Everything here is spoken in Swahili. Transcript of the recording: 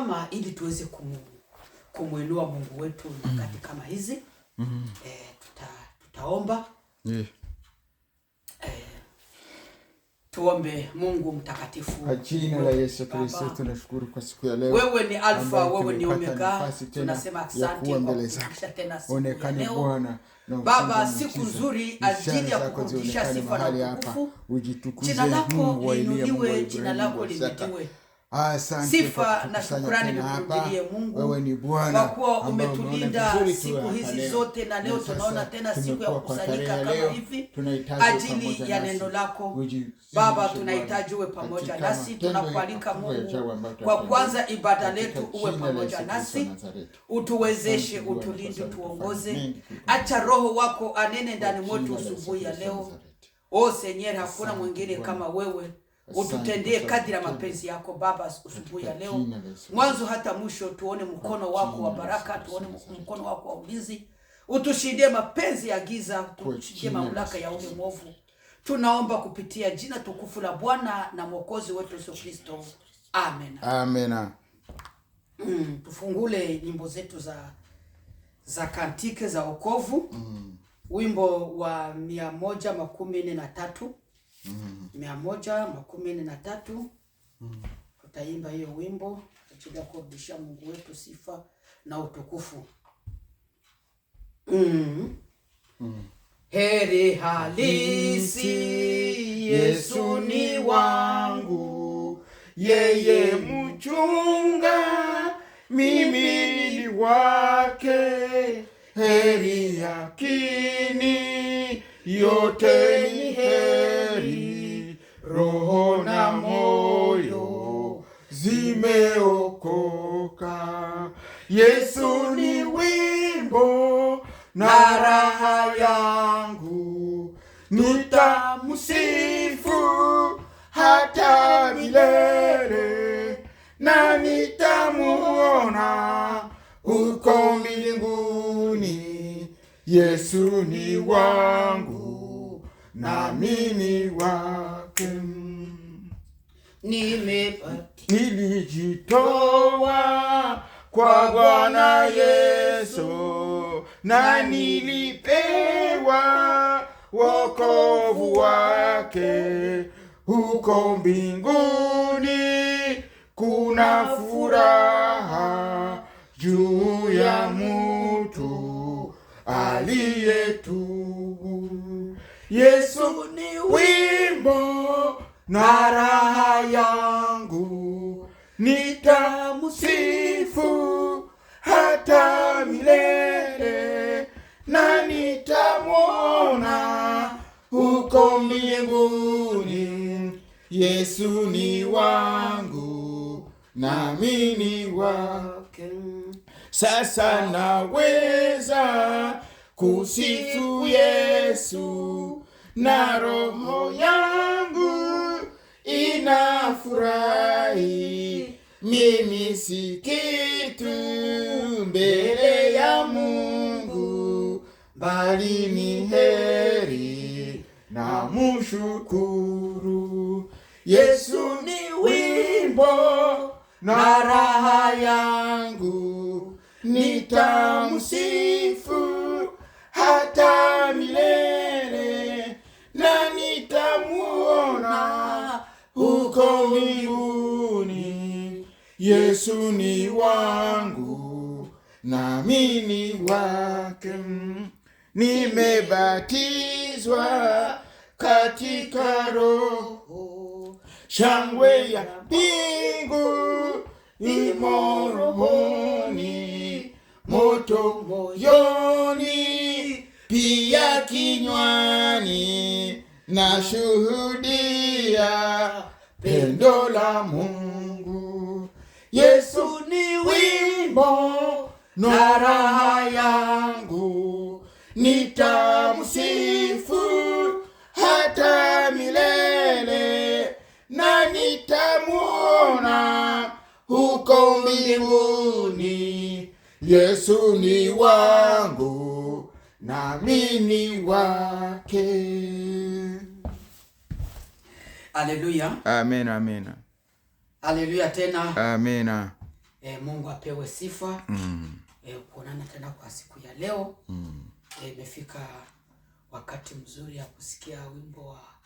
mama ili tuweze kumwinua Mungu wetu nyakati mm-hmm. mm. kama hizi mm -hmm. E, tuta, tutaomba yeah. E, tuombe Mungu mtakatifu kwa jina la Yesu Kristo, tunashukuru kwa siku ya leo. Wewe ni Alfa, wewe ni Omega, tunasema asante kwa kufikisha tena siku ya Baba, siku nzuri ajili ya kukutisha sifa na utukufu. Jina lako liinuliwe, jina lako limetiwe sifa na shukrani nikurudilie Mungu kwa kuwa umetulinda siku hizi zote, na leo tunaona tena siku ya kukusanyika kama hivi ajili ya neno lako Baba. Tunahitaji uwe pamoja nasi, tunakualika Mungu kwa kwanza ibada letu, uwe pamoja nasi, utuwezeshe, utulinde, tuongoze. Acha Roho wako anene ndani mwetu asubuhi ya leo. O oh, Senyer, hakuna mwingine kama wewe ututendee kadiri ya mapenzi yako Baba, usubuhi ya leo, mwanzo hata mwisho. Tuone mkono wako wa baraka, tuone mkono wako wa ulinzi, utushindie mapenzi ya giza, utushindie mamlaka ya ume mwovu. Tunaomba kupitia jina tukufu la Bwana na mwokozi wetu Yesu Kristo, amen, amen. Mm, tufungule nyimbo zetu za za kantike za okovu mm. Wimbo wa mia moja makumi nne na tatu mm. mia moja makumi nne na tatu mm. Tutaimba hiyo wimbo tutachilia kurudishia Mungu wetu sifa na utukufu mm. Mm. Heri halisi Yesu ni wangu, yeye mchunga, mimi ni wake, heri yakini yote zimeokoka. Yesu ni wimbo na raha yangu, nitamsifu hata milele, na nitamuona uko mbinguni. Yesu ni wangu, na ni wangu nilijitoa kwa Bwana Yesu na nilipewa wokovu wake huko mbinguni, kuna furaha juu na raha yangu, nitamsifu hata milele, na nitamwona huko mbinguni. Yesu ni wangu nami ni wake, sasa naweza kusifu Yesu na roho ya furahi mimi si kitu mbele ya Mungu, bali ni heri na mushukuru. Yesu ni wimbo na raha yangu, nitamsifu hata milele na nitamuona uko mbinguni, Yesu ni wangu nami ni wake, nimebatizwa katika Roho, shangwe ya mbingu imo rohoni, moto moyoni, pia kinywani na shuhudia neno la Mungu. Yesu ni wimbo na raha yangu, nitamsifu hata milele, na nitamuona huko mbinguni. Yesu ni wangu nami ni wake. Haleluya. Amen, amen. Haleluya tena. Amen. E, Mungu apewe sifa. Mm. E, kuonana tena kwa siku ya leo. Mm. Eh, imefika wakati mzuri ya kusikia wimbo wa